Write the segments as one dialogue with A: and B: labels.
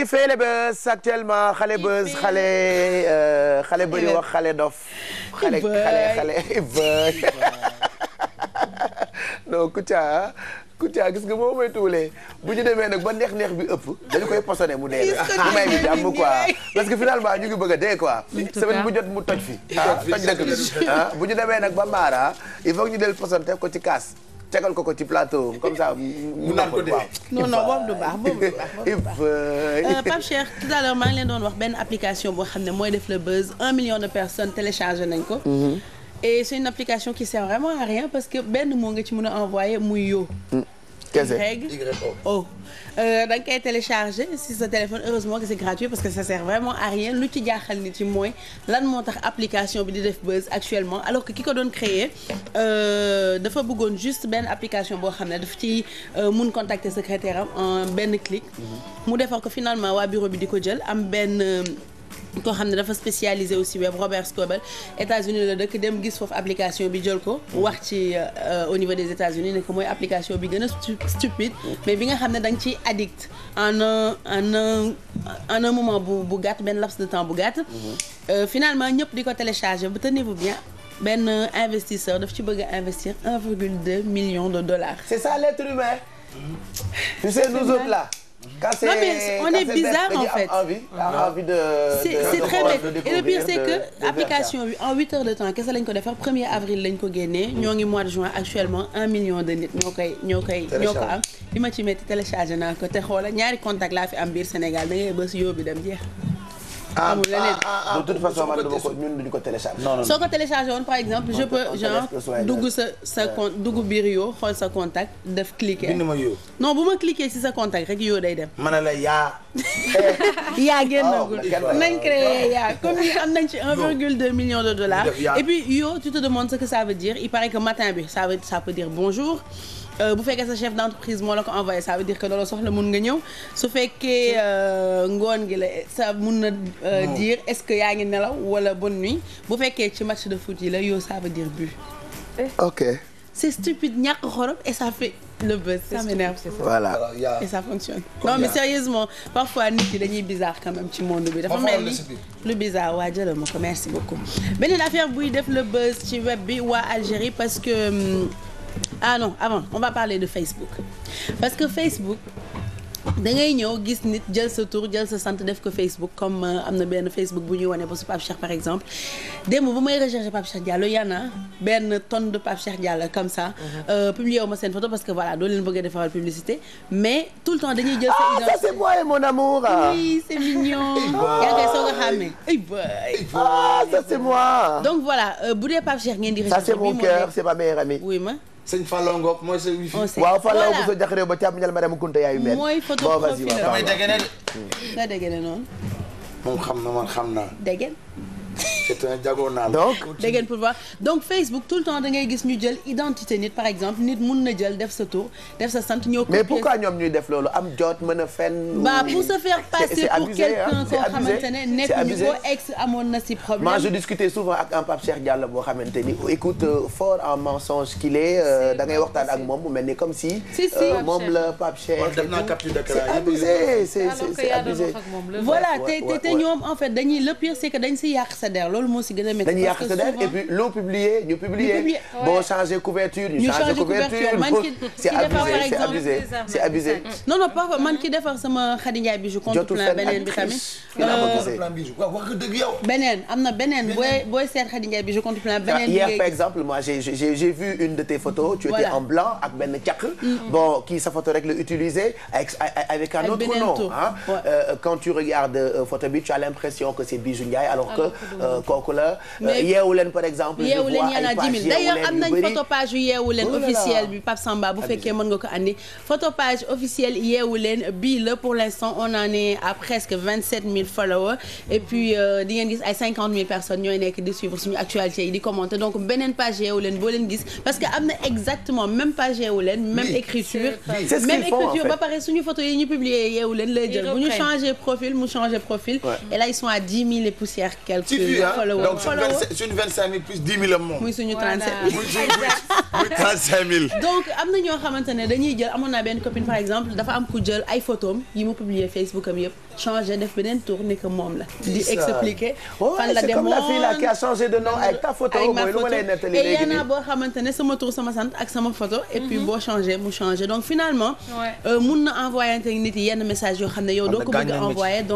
A: ki fait le buzz actuellement xale buzz euh, xale xale bëri wax xale dof xale xale xale bëy non Kouthia Kouthia gis nga boo may tuulee bu ñu demee nag ba neex-neex bi ëpp dañu koy posone mu dee bu may bi jàmm quoi parce que finalement ñu ngi bëgg dee quoi semaine bu jot mu toj fi ah toj dëkk bi ah, bu ñu demee nag ba maara il faut ñu del posonte ko ci kaas tegal ko ko ci plateau comme ça. mu naan ko dee non non boobu du baax boobu du baax boobu du baax. Euh, euh, Pape
B: Cheikh tout à l'heure maa ngi leen doon wax benn application boo xam ne mooy def le buzz un million de personnes téléchargé nañ ko. Mhm. et c'est une application qui sert vraiment à rien parce que benn moo nga ci mën a envoyé muy yo. Mm. kese YO. Oh. Euh, da nga koy téléchargé si sa téléphone heureusement que c'est gratuit parce que ça sert vraiment à rien lu ci jaaxal nit yi mooy lan moo tax application bi di def buzz actuellement alors que ki ko doon créer euh, dafa bëggoon juste benn application boo xam ne daf ci euh, mun contacter secrétaire am en benn clic. Mhm. mu defar ko finalement waa bureau bi di ko jël am benn. koo xam ne dafa spécialisé aussi web Robert Scoble États-Unis la dëkk dem gis foofu application bi jël ko wax ci euh, au niveau des États-Unis ne mooy application bi gën a stupide mais bi nga xam ne da nga ciy addict en un en un en bu bu gàtt benn laps de temps bu gàtt mm-hmm. euh, finalement ñëpp di ko téléchargé bu tenez-vous bien benn investisseur daf ci bëgg a investir 1,2 million de dollars c'est ça l'être humain mm-hmm. tu sais nous Cassé, non mais on est bizarre en fait ah, envie, ah, envie de, c'est, de, c'est de très bête et le pire c'est que application bi en huit heures de temps kese lañ ko defar premier avril lañ ko génnee mm. ñoo ngi mois de juin actuellement un million de nit ñoo koy ñoo koy ñoo ko am li ma ci metti téléchargé naa ko te xoola ñaari contact laa fi am biir Sénégal da ngay bës yóbbi dem jeex
A: Ah, amul ah, leneen ah, de toute façon man dama ko ñun duñu soo ko
B: téléchargé woon par exemple je peux genre dugg sa sa compte dugg biir yoo xool sa contact def cliquer. ma yoo. non bu ma cliquer si sa contact rek yoo day dem. ma ne la yaa. yaa génnagul oh, nañ créé yaa comme ni am nañ ci 1,2 million de dollars. et puis yoo tu te demandes ce que ça veut dire il paraît que matin bi ça veut ça peut dire Euh, bu fekkee sa chef d'entreprise moo la ko envoyé ça veut dire que loolu soxla mun nga ñëw su fekkee euh, ngoon gi la sa mun na euh, dire est-ce que yaa ngi nelaw wala bonne nuit bu fekkee ci match de foot yi la yow ça veut dire but. Eh. ok. c'est stupide ñàkk xorom et ça fait le buzz. ça m'énerve voilà et ça fonctionne. non mais sérieusement parfois nit yi dañuy bizarre quand même ci monde bi. dafa mel ni lu bizarre waa jëlal ma ko merci beaucoup. beneen affaire buy def le buzz ci web bi waa Algérie parce ah non avant on va parler de Facebook parce que Facebook da ngay ñëw gis nit jël sa tour jël sa sant def ko Facebook comme euh, am na benn Facebook bu ñuy wane ba su Pape Cheikh par exemple démb bu may recherché Pape Cheikh Diallo y en a benn tonne de Pape Cheikh Diallo comme ça. Mhm. Euh, publié wu ma seen photo parce que voilà doo leen bëgg a defal publicité mais tout le temps dañuy jël sa identité. ah ça a xàmmee. Ah, euh, bu dee Pape Cheikh di. recherché ça c'est
A: ma. sëñ Fallou Ngop mooy sa wifi. Oh, waaw Fallou bu sa jaxaree ba càmm ñal ma dem Kunta yaayu mel. mooy
B: photo profil damay dégg ne de. nga dégg ne noonu.
A: moom xam na man xam naa. dégg c'est un diagonal. donc dégg ngeen
B: pour voir donc Facebook tout le temps da gis ñu jël identité nit par exemple nit mun na jël def sa tour def sa sant ñëw. mais pourquoi
A: ñoom ñuy def loolu am jot mën a fenn. bah pour se
B: faire passer pour quelqu'un koo xamante ne nekk ñu ko ex amoon na si problème. moi je
A: discutais ak un Pape Cheikh Diallo boo xamante ni écoute euh, en mensonge qu'il est euh, da ngay ak moom mu ni comme si. si si euh, la Pape Cheikh. def naa capture d'écran te te ñoom
B: en fait dañuy le pire c'est que der loolu moo si gën a métti. dañuy yàq sa der et puis
A: loo publier ñu publier. boo changé couverture ñu changé couverture man ki ki defar par exemple c'est abusé
B: non non parfois man ki defar sama Khady Ndiaye bijou contre plan beneen bi tamit. Euh, beneen am na beneen booy booy seet Khady Ndiaye bijou contre plan beneen bi. hier par
A: exemple moi j'ai j'ai vu une de tes photos. tu étais en blanc ak benn càq. Mm. bon kii sa photo rek la utiliser avec avec un autre nom ah quand tu regardes euh, photo bi tu as l'impression que c'est bijou Ndiaye alors ah, que. Euh, kooku la. Euh, yeewu leen par exemple. yeewu leen yenn à 10 000 d'ailleurs am nañ photopage
B: yu yeewu leen oh officielle bi Pape Samba bu fekkee mën nga ko andi photopage officielle yeewu leen bii la pour l'instant on en est à presque 27 000 followers et puis euh, di gis ay 50 000 personnes ñooy nekk di suivre suñu actualité yi di commenter donc beneen page yeewu leen boo gis parce que am na exactement même page yeewu leen même écriture même écriture ba pare suñu photo yi ñu publier yeewu leen lay jël bu ñu changer profil mu changer suivi ah donc suñu
A: vingt cinq mille plus dix mille am moom. muy suñu trente sept mille.
B: muy trente cinq mille. donc am na ñoo xamante ne dañuy jël amoon naa benn copine par exemple dafa am ku jël ay photos yi mu publier Facebook am yëpp changé def beneen tour ne que moom la. di expliquer. fan la demoon c'est comme la fille a changé de nom avec
A: ta photo. ak ma photo et y en a
B: boo xamante ne sama tour sama sant ak sama photo. et puis mhm. boo changé mu changé donc finalement. Euh, mun na envoyé nit yi yenn message yoo xam ne yow doo ko bëgg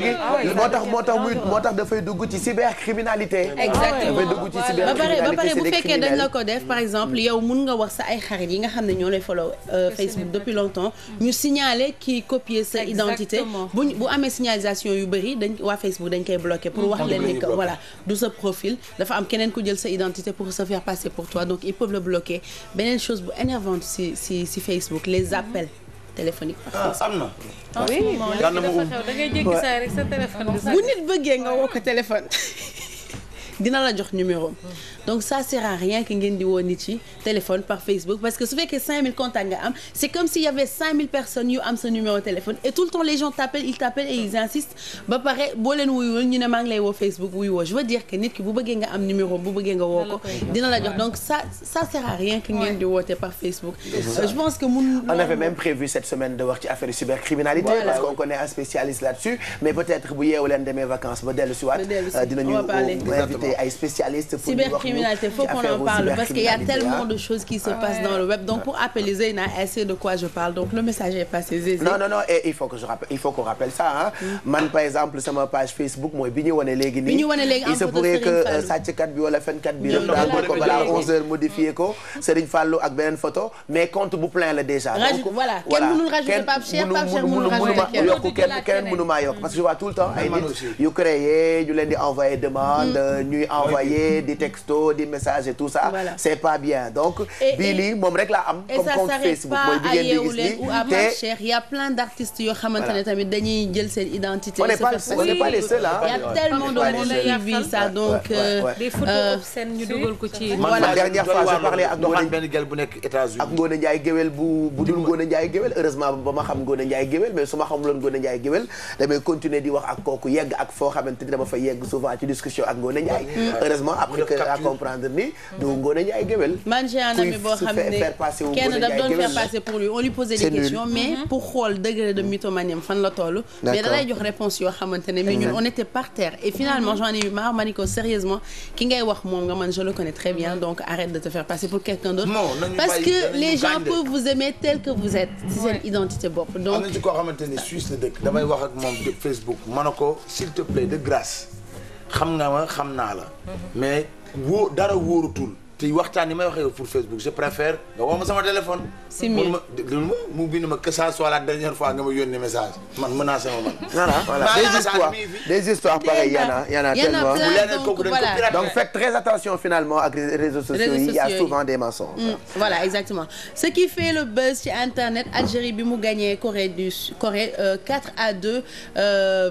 B: léegi ah moo tax
A: moo tax muy moo tax dafay dugg ci cybercriminalité. exactement dafay dugg ci cybercriminalité ba pare ba pare bu fekkee dañ la ko
B: def par exemple yow mun nga wax sa ay xarit yi nga xam ne ñoo le follow euh, Facebook depuis longtemps ñu signaler kii copier sa identité. buñ bu amee signalisation yu bëri dañ waa Facebook dañ koy bloqué. pour wax hmm. leen ni que voilà du sa profil dafa am keneen ku jël sa identité pour se faire passer pour toi donc ils peuvent le bloquer beneen chose bu énervante si si si Facebook les hmm. appels. téléphonique. ah am na.
A: oui yàlla na ma um da ngay jéggi saa
B: rek sa téléphone. bu nit bëggee nga woo ko téléphone. dina la jox numéro donc ça sert rien que ngeen di woo nit yi téléphone par Facebook parce que su fekkee 5000 contacts nga am c'est comme s'il y avait personnes yu am sa numéro téléphone et tout le temps les gens insistent ba pare boo leen wuyul ne maa ngi lay woo Facebook wuy woo je veux dire que nit ki bu bëggee nga am numéro bu bëggee nga woo ko dina la jox donc ça ça sert à rien que ngeen di woote par Facebook je pense que mun avait même
A: prévu cette semaine invité ay parle parce qu'il y a tellement de
B: choses qui se ah passent dans le web donc pour appeler Zeyna elle de quoi je parle donc le message est passé Zeyna.
A: non non non il faut je rappelle il faut qu'on rappelle ça mm. man par exemple sama page Facebook mooy bi ñu wane il se pourrait que euh, sàcckat bi wala bi. ñoom daal ko ko balaa 11h ko Serigne Fallou ak beneen photo mais compte bu plein la déjà. donc voilà kenn mënul rajouter
B: Pape Cheikh Pape Cheikh mënul rajouter kenn mënul
A: mënul mënul mënul mënul ñuy envoyer di textos des messages et tout ça. Voilà. c'est pas bien donc. bii nii moom la am. comme compte Facebook mooy bi ngeen di gis nii
B: te il ne tamit dañuy jël seen identité. on n'est pas on n'est pas les seuls ah. y a tellement de monde qui vit donc. Euh, des photos euh, ak
A: Ngone benn bu nekk États-Unis ak Ngone Ndiaye Géwél bu bu dul Ngone Ndiaye Géwél heureusement ba ma xam Ngone Ndiaye Géwél mais su ma xamuloon Ngone Ndiaye Géwél damay continuer di wax ak kooku yegg ak foo xamante ni dama fa yegg souvent ci discussion ak Ngone Ndiaye Ndiaye mm. heureusement après que à comprendre ni du Ngoné Ndiaye géwél man j'ai un ami boo xam ne kenn daf doon faire passer
B: pour lui on lui posait des questions mais mm-hmm. pour xool degré de mm-hmm. mythomanie fan la toll mais da lay jox réponse yoo xamante ne mais ñun on était par terre et finalement mm-hmm. j'en ai eu marre ma ni ko sérieusement ki ngay wax moom nga man je le connais très bien donc arrête de te faire passer pour quelqu'un d'autre parce que les gens peuvent vous aimer tel que vous êtes ci seen identité bopp donc am na ci
A: koo xamante ne Suisse la dëkk damay wax ak moom Facebook ma ne ko s'il te plaît de grâce xam nga ma xam naa la. Mhm. mais wóo dara wóorutul. te waxtaan yi may waxee pour Facebook je préfère nga woo ma sama téléphone. ma mu bind ma que ça nga ma yónnee message man menacé ma man. des histoires des histoires pareil y en a y
B: en a exactement ce qui le buzz ci internet Algérie bi mu gagné Corée du Corée 4 euh, à 2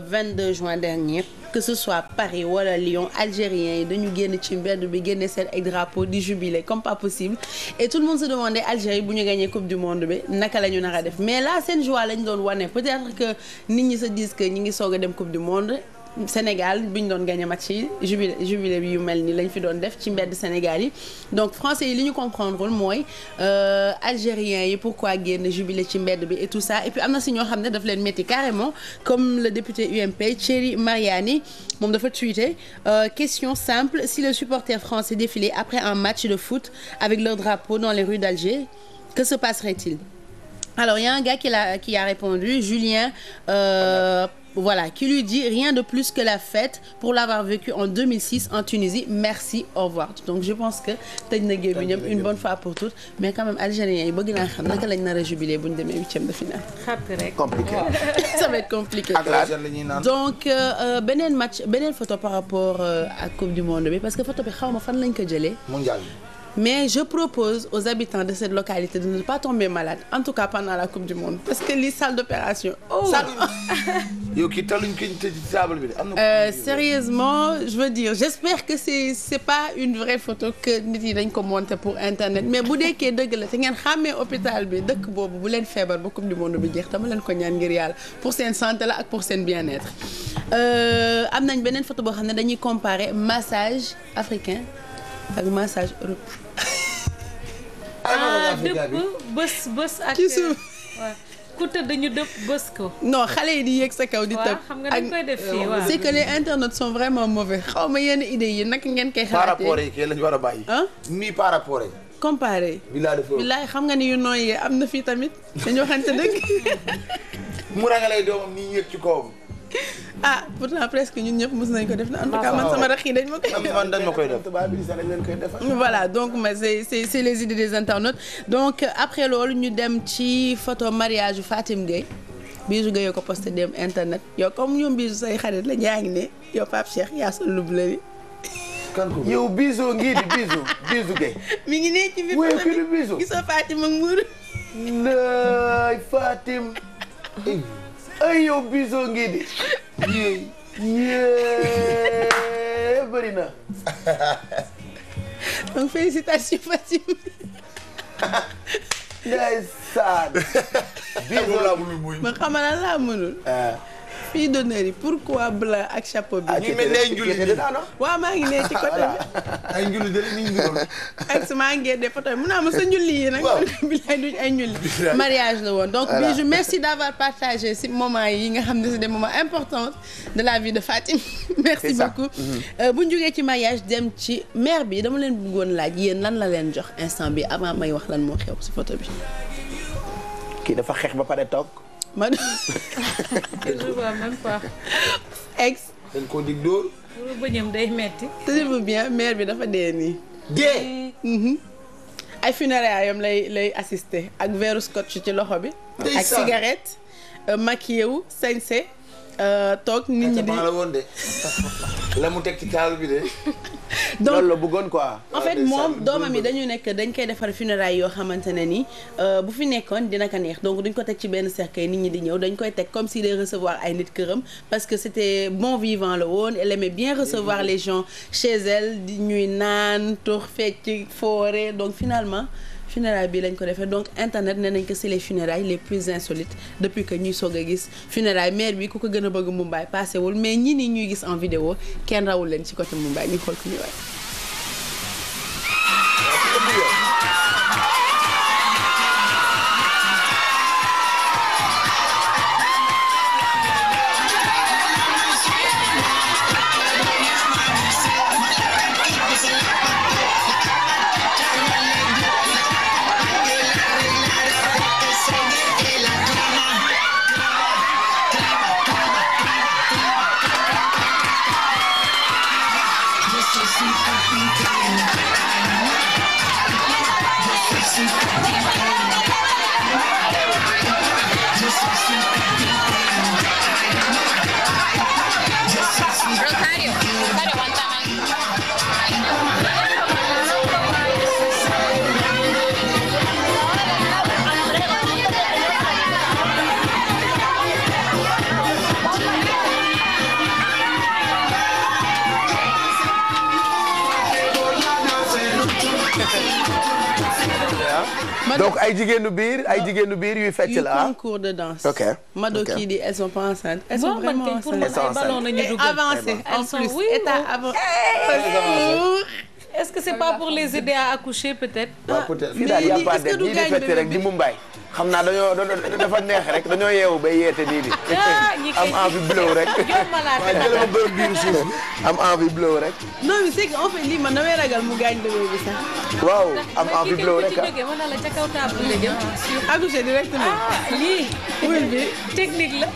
B: 22 euh, juin dernier. que ce soit Paris wala Lyon algériens yi dañu génn ci mbedd bi génne seen ay drapeaux di jubilé comme pas possible et tout le monde se demandait Algérie bu ñu gagné coupe du monde bi naka la ñu nar a def mais là seen joie lañ doon wane peut-être que nit ñi se disent ñi ngi soog a dem coupe du monde. Sénégal biñ doon gagné match yi jubilé jubilé yu mel ni lañ fi doon def ci mbedd Sénégal yi donc français yi li ñu comprendrewul mooy euh, algériens yi pourquoi génn jubilé ci mbedd bi et tout ça et puis am na si ñoo xam ne daf leen métti carrément comme le député UMP Thierry Mariani moom dafa tweeté euh, question simple si les supporters français défilaient après un match de foot avec leur drapeau dans les rues d'Alger que se passerait-il Voilà, qui lui dit rien de plus que la fête pour l'avoir vécu en 2006 en Tunisie. Merci, au revoir. Donc je pense que tëj na géej bi ñoom une bonne fois pour toutes mais quand même algériens yi bëgg naa xam naka lañ nar a jubilé de finale. xàppi rek compliqué. ça va
A: euh,
B: euh, beneen match photo par rapport ak euh, coupe du monde parce que photo bi xaw ma fan lañ ko jëlee. mondial mais je propose aux habitants de cette localité de ne pas tomber malade en tout cas pendant la coupe du monde parce que lii salle
A: yow kii taluñ ko ñu tëj ci table bi de euh,
B: sérieusement je veux dire j'espère que c'est c'est pas une vraie photo que nit yi dañ ko monter pour internet mais bu deekee dëgg la te ngeen xàmmee hôpital bi dëkk boobu bu leen feebar ba coupe du monde bi jeex dama leen ko ñaan ngir yàlla pour seen santé la ak pour seen bien-être. Euh, am nañ beneen photo boo xam ne dañuy comparer massage africain ak massage européen. Ah, ku dañu ñu dëpp bës ko. non xale yi di yéeg sa kaw di tëb. xam nga dañ koy def fii waaw c'est que les internautes vraiment mauvais xaw ma yenn idées yi naka ngeen koy. xalaatee par rapport yi
A: kay lañ war a bàyyi. nii par rapport yi.
B: comparé.
A: bilaay
B: xam nga ni yu nooy am na fii tamit dañu waxante dëgg.
A: mu rangalee doomam nii yéeg ci kawam.
B: ah pourtant presque ñun ñëpp mos nañ ko def na en tout cas man sama rax yi dañ ma koy
A: def
B: voilà donc mais c'est c'est c'est les idées des internautes donc après loolu ñu dem ci photo mariage yu Fatim Gueye Bijou Gueye ko posté dem internet yow comme ñoom Bijou say xarit la ñaa ngi ne yow Pape Cheikh yaa sa lubla bi yow Bijou ngii di Bijou Bijou Gueye ngi nee ci biir kii di gisoo Fatim ak muur
A: lay Fatim ay yow biso ngi di yéey yéey bëri na
B: donc félicitations Fatim ndeysaan biso laa mënul ma ah. xamal fille d'honneur yi pourquoi blanc ak chapeau bi. ñu ah, mel ne ay njulli bi waaw maa ngi ne ci côté bi. ay njulli de ni ñu ak su maa mun naa ma sa njulli yi nag. mariage la woon donc Bijou merci d'avoir partagé si moment yi nga xam ne c'est des moments importants de la vie de Fatim. merci beaucoup mm-hmm. euh, bu ñu jógee ci mariage dem ci mère bi dama leen bëggoon laaj yéen lan la leen jox instant bi avant may wax lan moo xew si photo bi.
A: kii dafa xeex ba pare toog.
B: man. je vois dañ koo dig dóor. wala bëñam day metti. tenez-vous bien maire bi dafa dee nii. dee. Mhm. ay funérailles yam lay lay assister ak verre scotch ci loxo bi. ak cigarette. Euh, maquillé wu sañse euh, toog nit ñi di la mu teg ci taal bi de. donc loolu la bëggoon
A: quoi. en fait moom doomam
B: yi dañu nekk dañ koy defar funérailles yoo xamante ne ni euh, bu fi nekkoon dina ko neex donc dañ ko teg ci benn cercueil nit ñi di ñëw dañ koy teg comme si day recevoir ay nit këram parce que c'était bon vivant la woon elle aimait bien recevoir mm-hmm. les gens chez di ñuy naan tux fecc foore donc finalement. funérailles bi lañ ko defee donc internet nee nañ ko c'est les funérailles les plus insolites depuis que ñuy soog a gis funérailles maire bi ku ko gën a bëgg Mumbai passé wul mais ñi nii ñuy gis en vidéo kenn rawul leen ci côté Mumbai ñu xool ku ñu waay
A: donc ay jigéenu biir ay jigéenu biir yuy fecc la ah. concours de danse. ok Mado kii
B: di elles sont pas enceintes. elles sont vraiment enceintes eh elles sont en plus état oh. eh, avancé. est-ce que c'est pas pour les aider à accoucher peut-être. waaw peut-être ah, fii daal y' a di fête di
A: Mumbai. xam naa dañoo dafa neex rek dañoo yeewu ba yeete nii di. Ah, am envie blow rek. waaw jëlema bëri biir suuf am envie blow rek.
B: non mais c'est que en fait lii man damay ragal mu gaañ demee bi sax.
A: waaw am envie blow rek ah.
B: accoucher directement. Ah, lii wul technique la.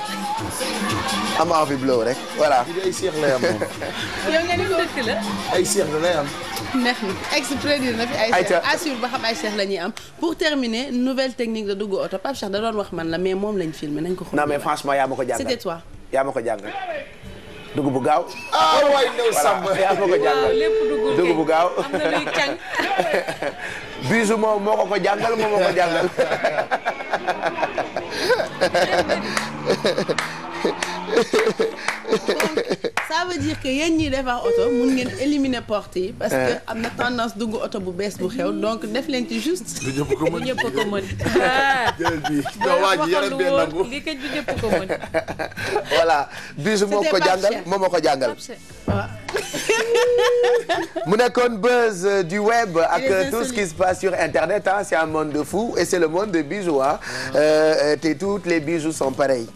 A: am envie blow rek voilà. ay seex lay am moom.
B: yow nga ni dëkk la.
A: ay seex la lay am.
B: neex na exprimer na fi ay seex assure ba xam ay seex la ñuy am pour terminer nouvelle technique de dugg oto Pape da doon wax man la mais moom lañ filmé nañ ko. xool non mais
A: franchement yaa ma ko jàngal c'était toi. yaa ko jàngal dugg bu gaaw. ah waay néew sàmm yaa ma ko jàngal lépp bu gaaw am na moom moo ko ko jàngal moom moo ko jàngal.
B: ça veut dire que yéen ñiy defar oto mun ngeen éliminer porte parce que eh. am na tendance dugg oto bu bees bu xew donc def leen ci juste. du ñëpp ko mën du ñëpp ko mën.
A: jërëjëf non waa voilà bisu moo ko jàngal moom moo ko jàngal. mu nekkoon buzz euh, du web ak euh, tout ce qui se passe sur internet c'est un monde de fou et c'est le monde de bisous ah. te toutes les bisous sont pareilles.